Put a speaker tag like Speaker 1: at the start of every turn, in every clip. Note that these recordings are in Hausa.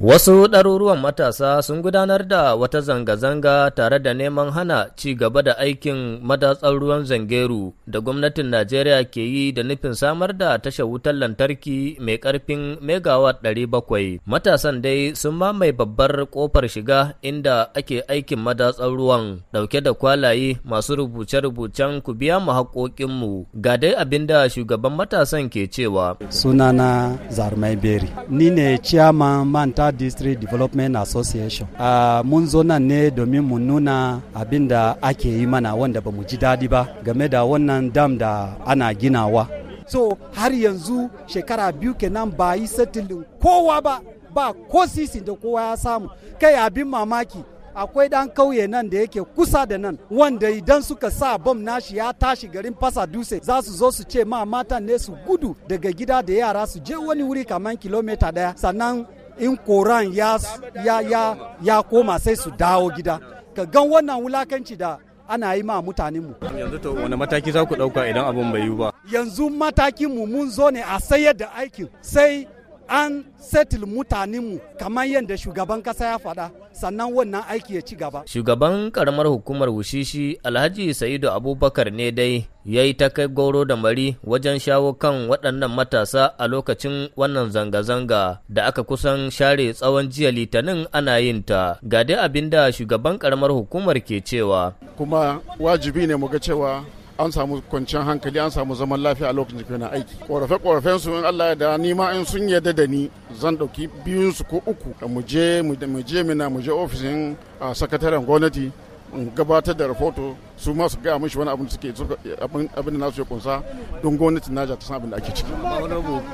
Speaker 1: Wasu ɗaruruwan matasa sun gudanar da wata zanga-zanga tare da neman hana ci gaba da aikin madatsar ruwan zangeru da gwamnatin Najeriya ke yi da nufin samar da tashar wutar lantarki mai ƙarfin megawatt 700. Matasan dai sun mamaye babbar ƙofar shiga inda ake aikin madatsar ruwan ɗauke da kwalaye masu rubuce-rubucen ku biya mu haƙoƙinmu. Ga dai abin da shugaban matasan ke cewa.
Speaker 2: Sunana Zarmai Beri. Ni ne ciyaman manta District Development Association. Uh, mun zo nan ne domin mu nuna abin da ake yi mana wanda ba mu ji daɗi ba game da wannan dam da ana ginawa. So har yanzu shekara biyu kenan ba yi settling kowa ba ba ko sisi da kowa ya samu kai abin mamaki akwai dan kauye nan da yake kusa da nan wanda idan suka sa bom nashi ya tashi garin fasa dutse za su zo su ce ma matan ne su gudu daga gida da yara su je wani wuri kamar kilomita daya sannan in koran ya, ya, ya, ya koma sai su dawo gida ka gan wannan wulakanci da ana yi ma mutanenmu. yanzu to wani
Speaker 1: mataki za ku ɗauka idan abin bai yi ba
Speaker 2: yanzu matakin mu mun zo ne a sayar da aikin sai an settle mutanenmu kamar yadda shugaban kasa ya faɗa sannan wannan aiki ya ci gaba.
Speaker 1: Shugaban karamar hukumar Wushishi Alhaji Sa'idu Abubakar ne dai ya yi ta kai goro da mari wajen shawo kan waɗannan matasa a lokacin wannan zanga-zanga da aka kusan share tsawon jiya litinin ana yin ta. Ga dai abin da shugaban karamar hukumar ke cewa.
Speaker 3: Kuma wajibi ne mu ga cewa an samu kwanciyar hankali an samu zaman lafiya a lokacin da na aiki korafe korafen su in Allah ya da ni ma in sun yarda da ni zan dauki biyun su ko uku mu je mu je mina mu je ofishin sakataren gwamnati in gabatar da rahoto su ma su gaya mishi wani abin da suke abin da nasu ya kunsa don gwamnatin Naja ta san abin da ake ciki.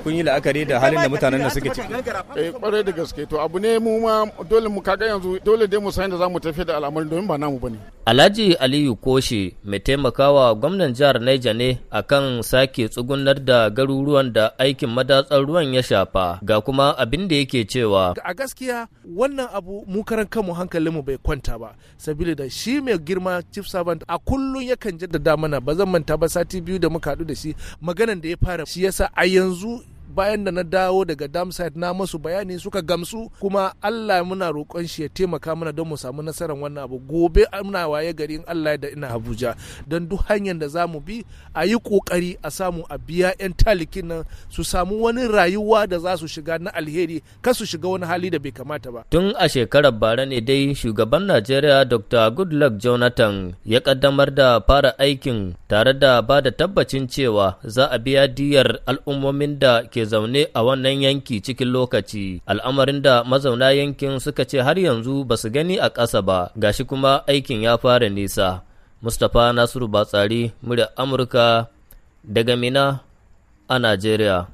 Speaker 3: kun yi la'akari da halin da mutanen da suke ciki. Eh kwarai da gaske to abu ne mu ma dole mu kaga yanzu dole dai mu san da zamu tafi da al'amarin domin ba namu bane.
Speaker 1: Alhaji Aliyu Koshi mai taimakawa gwamnan jihar naija ne akan sake tsugunar da garuruwan da aikin madatsar ruwan ya shafa ga kuma abin da yake cewa.
Speaker 4: A gaskiya wannan abu mu karan kanmu hankalinmu bai kwanta ba sabili da shi mai girma chief servant a kullum yakan jaddada mana ba zan manta ba sati biyu da muka haɗu da shi maganan da ya fara shi yasa a yanzu bayan da na dawo daga damside na masu bayani suka gamsu kuma allah muna roƙon shi ya taimaka mana don mu samu nasarar wannan abu gobe muna waye gari in allah da ina abuja don duk hanyar da za mu bi a yi ƙoƙari a samu a biya 'yan talikin nan su samu wani rayuwa da za su shiga na alheri kar su shiga wani hali da bai kamata ba
Speaker 1: tun a shekarar bara ne dai shugaban najeriya dr goodluck jonathan ya kaddamar da fara aikin tare da ba da tabbacin cewa za a biya diyar al'ummomin da ke zaune a wannan yanki cikin lokaci al'amarin da mazauna yankin suka ce har yanzu ba su gani a ƙasa ba gashi kuma aikin ya fara nisa mustapha nasiru batsari murya amurka daga mina a najeriya